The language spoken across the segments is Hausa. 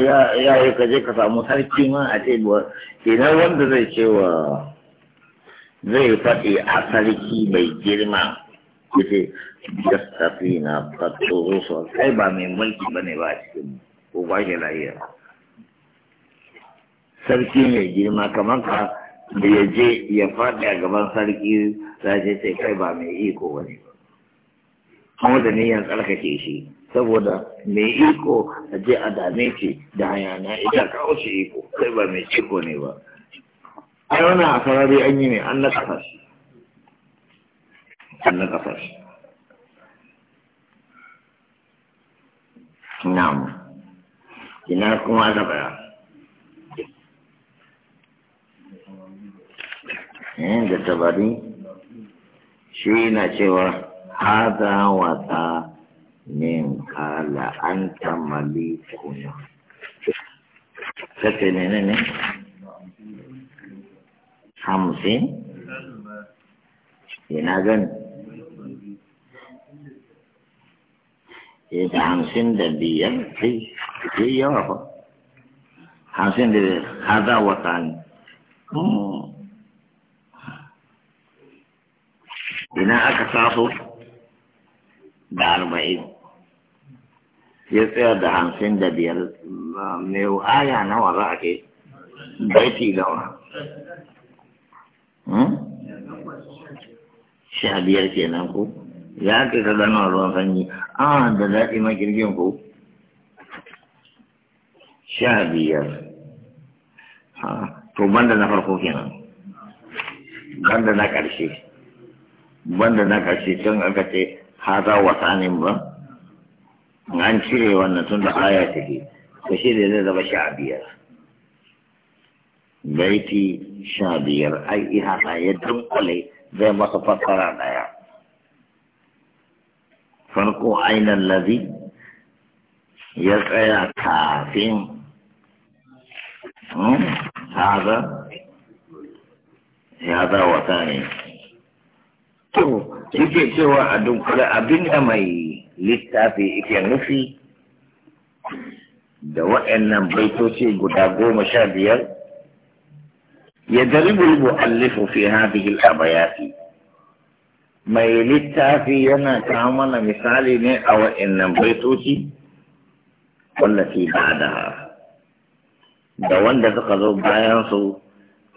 ya yi ka je ka samu sarki ma a ce ba kenan wanda zai ce wa zai faɗi a sarki mai girma yace gaskafi na fato so kai ba mai mulki ba ne ba a cikin ko ba shi lafiya sarki mai girma kamar ka da ya je ya faɗi a gaban sarki za ce kai ba mai iko ba ne ba kuma da niyan tsarkake shi saboda mai iko a je a dame ce, da hayana ita kawo shi iko sai ba mai ciko ne ba ai wannan a sarari an yi ne an na kafa shi an na kafa shi na'am ina kuma aka baya eh da tabari shi na cewa hada wata min kala an ta malikuna kace ne ne ne hamsin hmm. ina gani da hamsin da biyar kai kai yawa ba hamsin da biyar haza wata ne ina aka taso da arba'in ya tsayar da hamsin da biyar mai aya nawa za a ke baiti nawa hmm? sha biyar nan ku ya ke ka gano ruwan sanyi a da daɗi makirgin ku? sha biyar to banda na farko kenan banda na ƙarshe banda na ƙarshe can aka ce haza wasanin ba an cire wannan tun da aya ke, to shi da zai zama sha biyar baiti sha biyar ai na ya dunkule zai masa fassara daya farko ainihin lazi ya tsaya kafin hmm, haza ya za wata ne to yake cewa a dunkule da mai littafi ike nufi da waɗannan baitoci guda goma sha biyar ya bulbu allifu fi hadhihi al-abayati mai littafi yana kawo mana misali ne a waɗannan baitoci wallafi ba da da wanda suka zo bayan su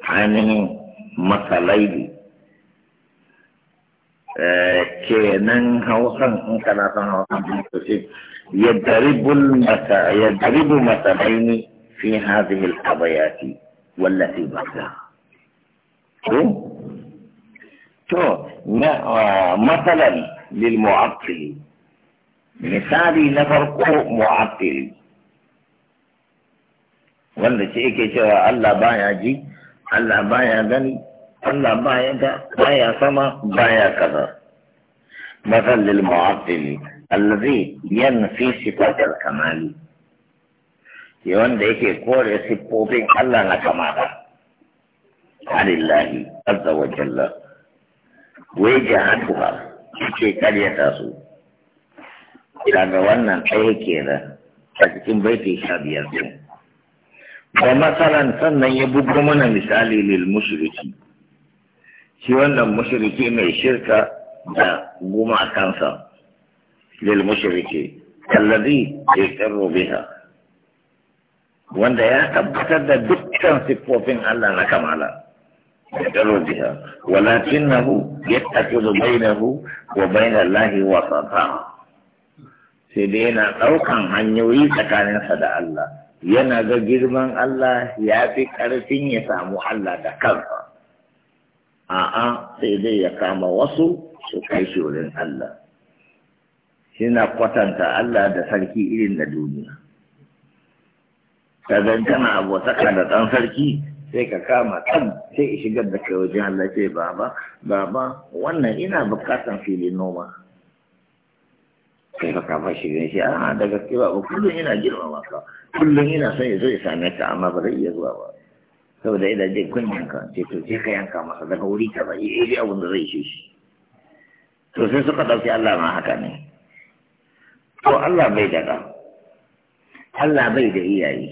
ainihin masalai آه، كي نن هو سن كنا سن هو سن يدرب المتا يدرب متبيني في هذه القضيات والتي بعدها تو مثلا للمعطل مثالي نفرق معطل ولا شيء كي الله بايا جي الله بايا غني الله بايا بايا سما بايا كذا مثل للمعطل الذي ينفي صفات الكمال يوان ديكي كوري سبوبين الله نكمالا عن الله عز وجل وجهتها كي كالية تاسو kaga وانا ايه كيرا a بيتي baiti sha biyar din wa masalan sannan ya shi wannan mushriki mai shirka da kansa lil mushriki alladhi yaqirru biha wanda ya tabbatar da dukkan siffofin Allah na kamala yaqirru biha walakinahu yattakhidhu bainahu wa baina Allahi sata sai dai yana ɗaukan hanyoyi tsakaninsa da Allah yana ga girman Allah ya fi ƙarfin ya samu Allah da kansa a'a sai zai ya kama wasu su kai shi wurin Allah na kwatanta Allah da sarki irin na duniya ka tana abotaka da ɗan sarki sai ka kama kan sai shigar da kai wajen Allah ce baba baba wannan ina bukatan filin noma sai ka kama ne shi a daga gaske ba kullum ina girma maka kullum ina son ya zo ya same ka amma ba zai iya zuwa ba saboda idan jin kun yanka, ce to sai ka yanka masa daga wuri ka ba yi eh, abin da zai shi shi to sai suka ɗauki Allah ma haka ne to Allah bai da Allah bai da iyaye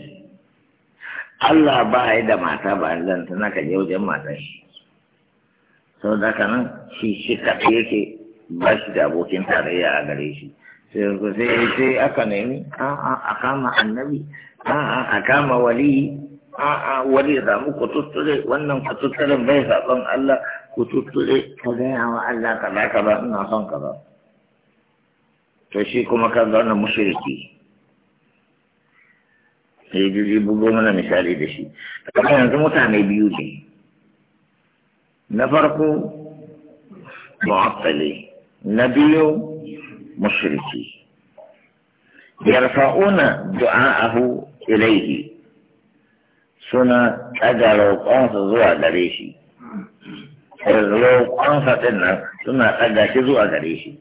Allah ba ya da mata ba zanta tana ka je wajen mata shi sau da kanan shi shi kaɗai yake ba shi da abokin tarayya a gare shi sai sai aka nemi a a kama annabi a a kama waliyi a'a wani ya samu ku tutture wannan ku tutture bai saɓon Allah ku tutture ka gaya wa Allah ka ka ba ina son ba to shi kuma ka ga wannan mushriki yi jiji bugo mana misali da shi kamar yanzu mutane biyu ne na farko mu'attali na biyu mushriki yarfa'una du'a'ahu ilayhi suna ɗaga roƙonsa zuwa gare shi roƙonsa ɗin nan suna ɗaga shi zuwa gare shi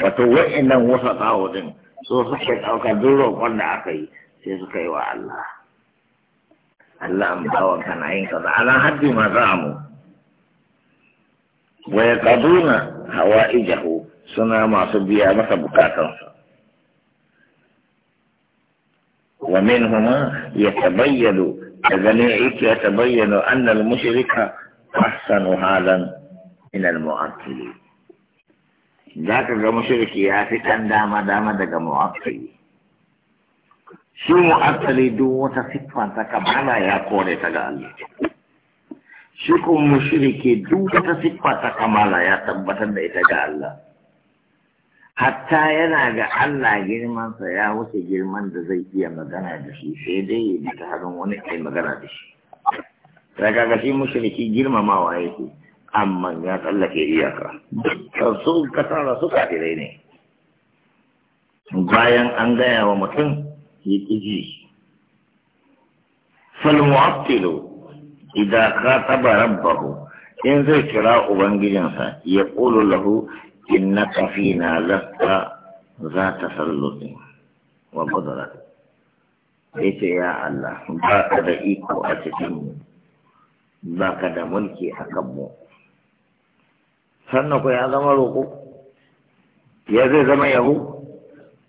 wato wa'annan wasa tsawo ɗin so suke ɗauka duk roƙon da aka yi sai suka yi wa Allah Allah an bawa kana yin kaza Ana haddi ma za mu Kaduna hawa ijahu suna masu biya masa bukatansa ومنهما يتبين daga ne yake ta bayyana annal mushrika ahsanu halan min al mu'akkili zaka ga mushriki ya fi dan dama dama daga mu'akkili shi mu'akkili duk wata siffa ta kamala ya kore ta ga Allah shi kuma mushriki duk wata siffa ta kamala ya tabbatar da ita ga Allah hatta yana ga Allah girmansa ya wuce girman da zai iya magana da shi sai dai ya bi ta harin wani ai magana da shi sai ga shi mushriki girmamawa yake amma ya tsallake iyaka su ka tara su kafirai ne bayan an gaya wa mutum ya ƙi ji falmu'abtilu idan ka taba rabbahu in zai kira ubangijinsa ya ƙulu lahu إنك فينا لست ذات تسلط وقدرة ليس يا الله باك دا إيكو باك ملكي أكمو سنكو يا ذمروكو يا زي زما يهو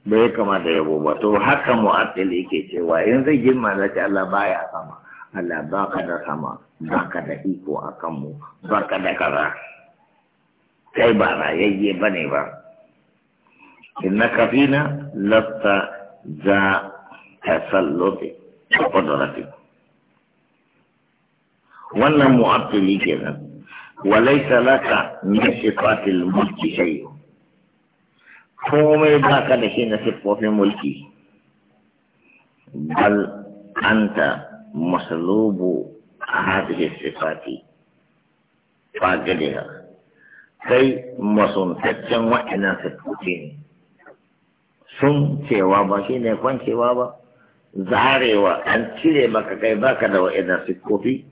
bai kama da yabo ba to haka mu'attil yake cewa in zai girma da ce Allah baya sama Allah ka da sama baka da iko akan baka da kaza kai ba rayayye ba ne ba inna kafina lasta za tasalluti da kudurati wannan mu'attili kenan walaisa laka min sifatil mulki shay'un komai ba ka da shi na siffofin mulki bal anta masalubu a hadhihi sifati fagadiha kai masuntaccen wa'ina su tuke ne sun cewa ba shi ne kwancewa ba zarewa an cire maka kai baka da wa'ina su siffofi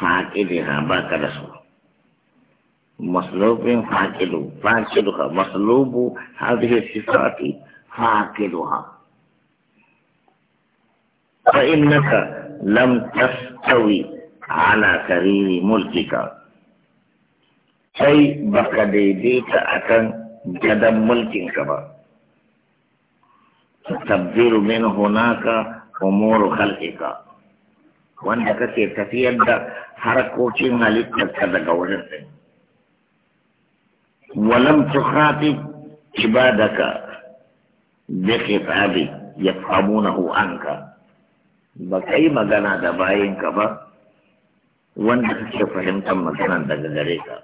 faƙidiha baka da su maslubin faƙidu faƙiduha maslubu hadhihi ha faƙiduha naka لم تستوي على kariri mulkika kai baka daidaita a kan gadon mulkinka ba tabbiru min hunaka umuru khalqika wanda kake tafiyar da harkokin halittarka daga wurin ɗin walam tukhatib ibadaka bi khitabi yafhamunahu anka ba ka yi magana da bayinka ba wanda kake fahimtar maganar daga gare ka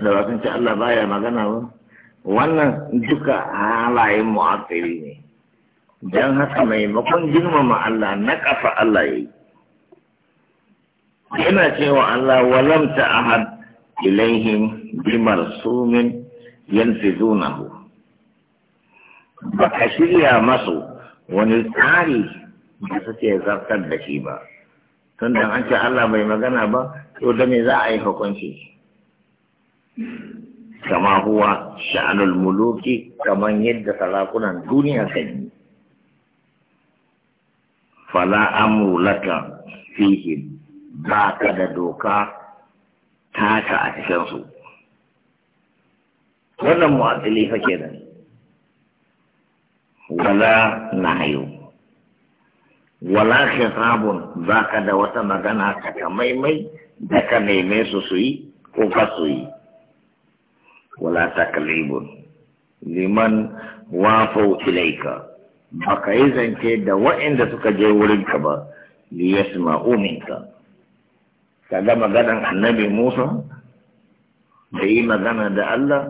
da wasan ce Allah baya magana ba wannan duka halayen mu'akkari ne don haka maimakon girmama Allah na kafa Allah ya yi yana cewa Allah walam ta ahad ilaihim bi marsumin Ba baka shirya masu wani tsari da suke zartar da shi ba tun da an ce Allah bai magana ba to da me za a yi hukunci kama huwa sha'anul muluki kaman yadda salakunan duniya kan yi fala amru laka fihim ba ka da doka taka a cikin su wannan mu'adili fa kenan wala nahyu wala khitabun ba ka da wata magana ka maimai da ka neme su su yi ko ka su yi wala taklibun liman wafau ilaika baka yi zance da waɗanda suka je wurin ka ba li yasma'u minka kaga maganan annabi Musa da yi magana da Allah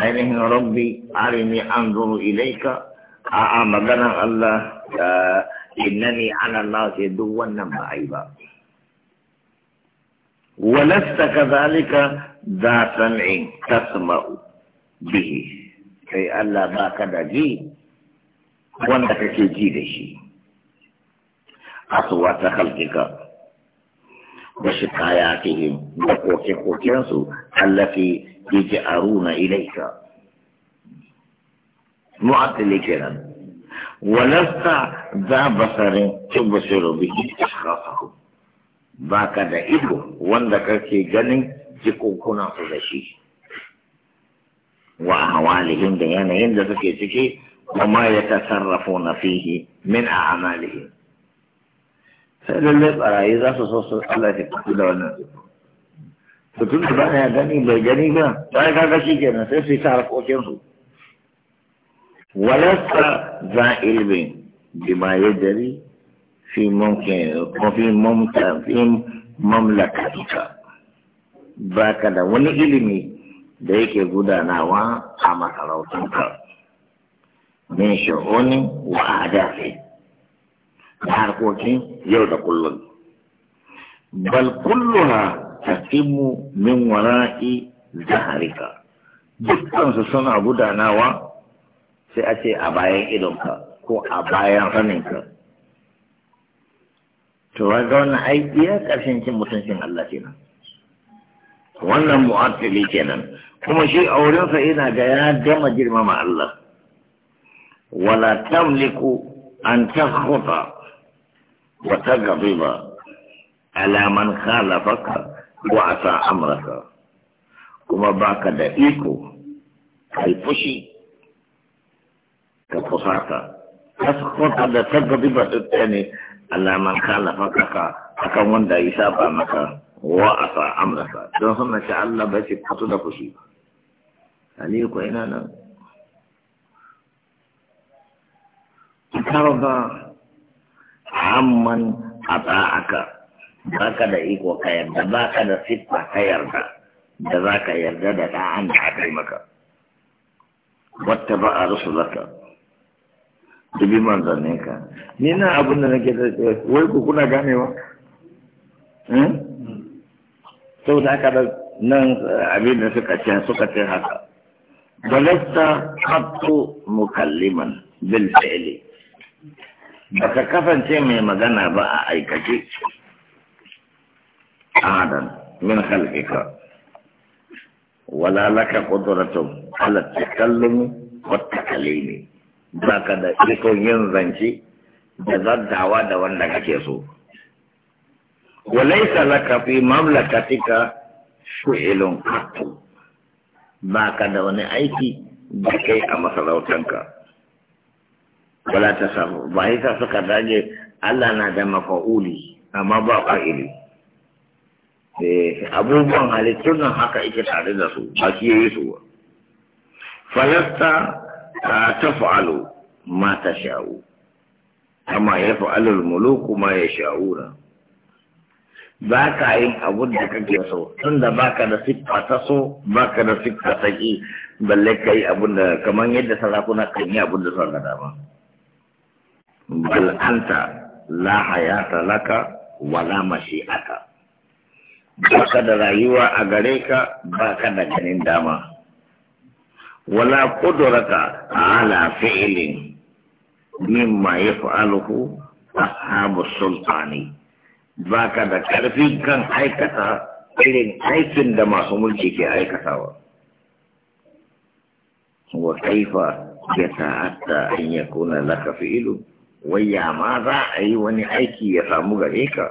ainihin rabbi arini anzuru ilaika a'a maganan Allah da innani ana Allah sai duk wannan ba ai ba walasta kazalika za sami tasma bihi kai Allah ba ka da ji wanda kake ji da shi A asuwa ta halgika da shi kaya ke da koke-kokensu allafi yake runa ilaika mu'attili kenan walasta za basarin tubusiru bihi Ba ka da ido wanda kake ganin jikunkuna su da shi wa hawalihim da yanayin da suke ciki kuma ya tasarrafo na fihi min a amalihi sai lalle barayi za su so su Allah ya fito da wannan su tun da baya gani bai gani ba sai kaga shi kenan sai su yi harkokin su walasta za ilmin bima yadari fi ko fi fi ba ka da wani ilimi da yake gudanawa a masarautunka min shi'uni wa adafi da harkokin yau da kullum bal kulluha tasimu min wara'i zaharika dukkansu suna gudanawa sai a ce a bayan idonka ko a bayan raninka to ga wannan aiki ya ƙarshen cin mutuncin Allah kenan wannan mu'attali kenan kuma shi aurensa yana ga ya gama girmama Allah wala tamliku an takhota wa taghdiba ala man khalafaka wa asa amraka kuma baka da iko kai fushi ka fusata takhota da taghdiba din ne ala man khalafaka akan wanda yasa ba maka wa aka amrasa don suna ce Allah ba ce fito da fushi aliyu ko ina nan Karo tarda amman ata'aka baka da iko ka yarda baka da siffa ka yarda da zaka yarda da da'an da aka yi maka wata ba a rusulaka dubi manzanninka ni na abin da nake da wai ku kuna ganewa eh da haka da nan eh, abin da suka ce suka ce haka balasta hatu mukalliman bil fi'li baka kasance mai magana ba a aikace adam min khalqika wala laka qudratu ala takallum wa takalimi baka da iko yin zance da zaddawa da wanda kake so walaisa laka fi mamlakatika fi'ilun qattu baka da wani aiki da kai a masarautanka wala ta samu ba hita suka dage Allah na da mafa'uli amma ba fa'ili abubuwan halittun nan haka ike tare da su ba shi yi su ba falasta ta taf'alu ma ta sha'u amma ya fa'alul muluku ma ya ba ka yin abun da kake so tun da ba ka da siffa ta so ba ka da siffa ta ƙi balle ka yi abun da kamar yadda sarakuna kan yi abun da suka ga dama bal'anta la hayata laka wala mashi'ata ba ka da rayuwa a gare ka ba ka da ganin dama wala kudurata ala fi'ilin mimma yaf'aluhu ashabu sultani ba ka da ƙarfin kan aikata irin aikin da masu mulki ke aikatawa wa kaifa ya ta'atta an ya kuna laka fi'ilu wayya ma za a yi wani aiki ya samu gare ka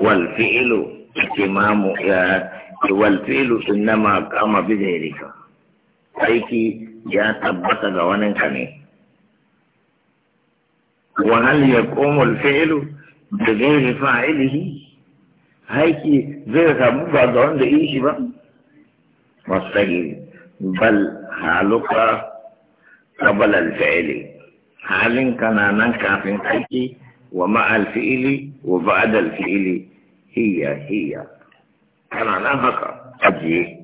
wal fi'ilu imamu ya wal fi'ilu innama qama bi aiki ya tabbata ga wani ka ne wa hal yaqumu al fi'ilu بغير فاعله هيك زي سامو بعد عند ايش بقى مستجيب بل حالك قبل الفعل حال كان ننكع في ومع الفعل وبعد الفعل هي هي كان ننهك أجيه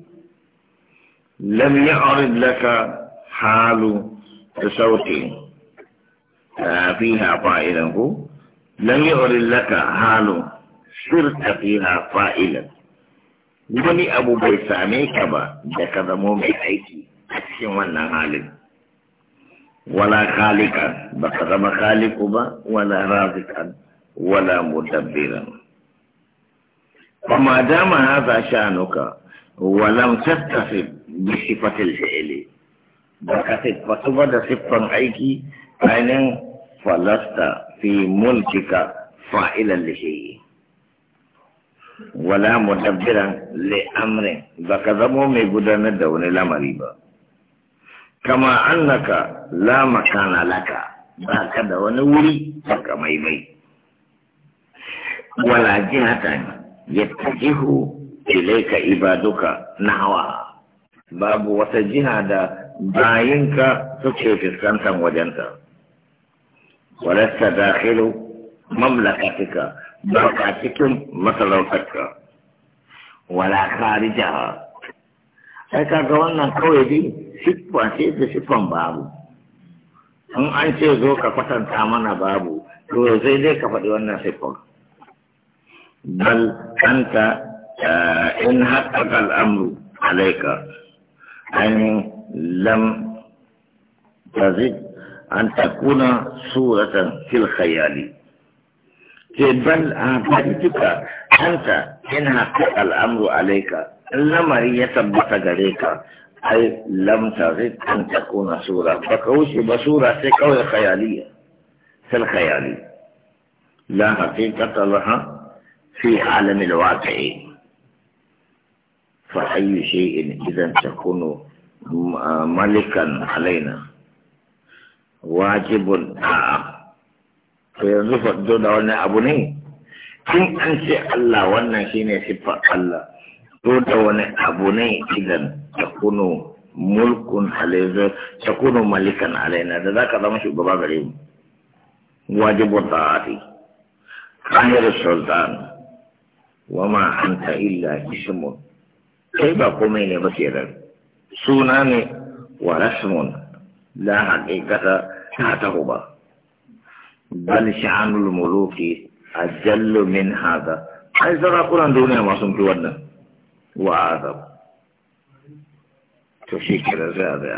لم يعرض لك حال صوت آه، فيها قائله لم يغل لك هانو سرت فيها فائلا بني أبو بيسا أميك با دك دموم حيكي أكسي وانا حالي ولا خالقا بك دم خالق با ولا رازقا ولا مدبرا فما دام هذا شانك ولم تتصف بصفة الفعل بك تتصف بصفة حيكي أنا falasta fi mulkika fa’ilan lishiyi. Wala mu dabbiran li’amrin ba ka zamo mai gudanar da wani lamari ba. Kama annaka lamaka na laka ba ka da wani wuri ba ka mai mai. Wala jihatan ya ta ibaduka na hawa babu wata jiha da bayinka suke fuskantar wajenta. ولست داخل مملكتك بركاتكم مسلوكتك ولا Ai ka ga wannan kawai dai siffa ce da siffan babu in an ce zo ka kwatanta mana babu to zai dai ka faɗi wannan siffan bal anta in haƙaƙa al'amru alaika ainihin lam tazid أن تكون صورة في الخيال بل أعطيتك أنت إن حقق الأمر عليك الأمر يثبت عليك أي لم تغد أن تكون صورة فكوش بصورة سكوية خيالية في الخيال لا حقيقة لها في عالم الواقع فأي شيء إذا تكون ملكا علينا wajibun Aa. to yanzu faddo da wani abu ne in an ce Allah wannan shine siffar Allah to da wani abu ne idan ta kuno mulkun alaizu ta kuno malikan alaina da zaka zama shugaba gare mu wajibun da'ati kamar sultan wama anta illa ismun kai ba komai ne ba kenan suna ne wa rasmun la haqiqata تحتهما بل شعان الملوك أجل من هذا أي ترى قرآن دونها ما سمت ونا وآدم تشكر زاد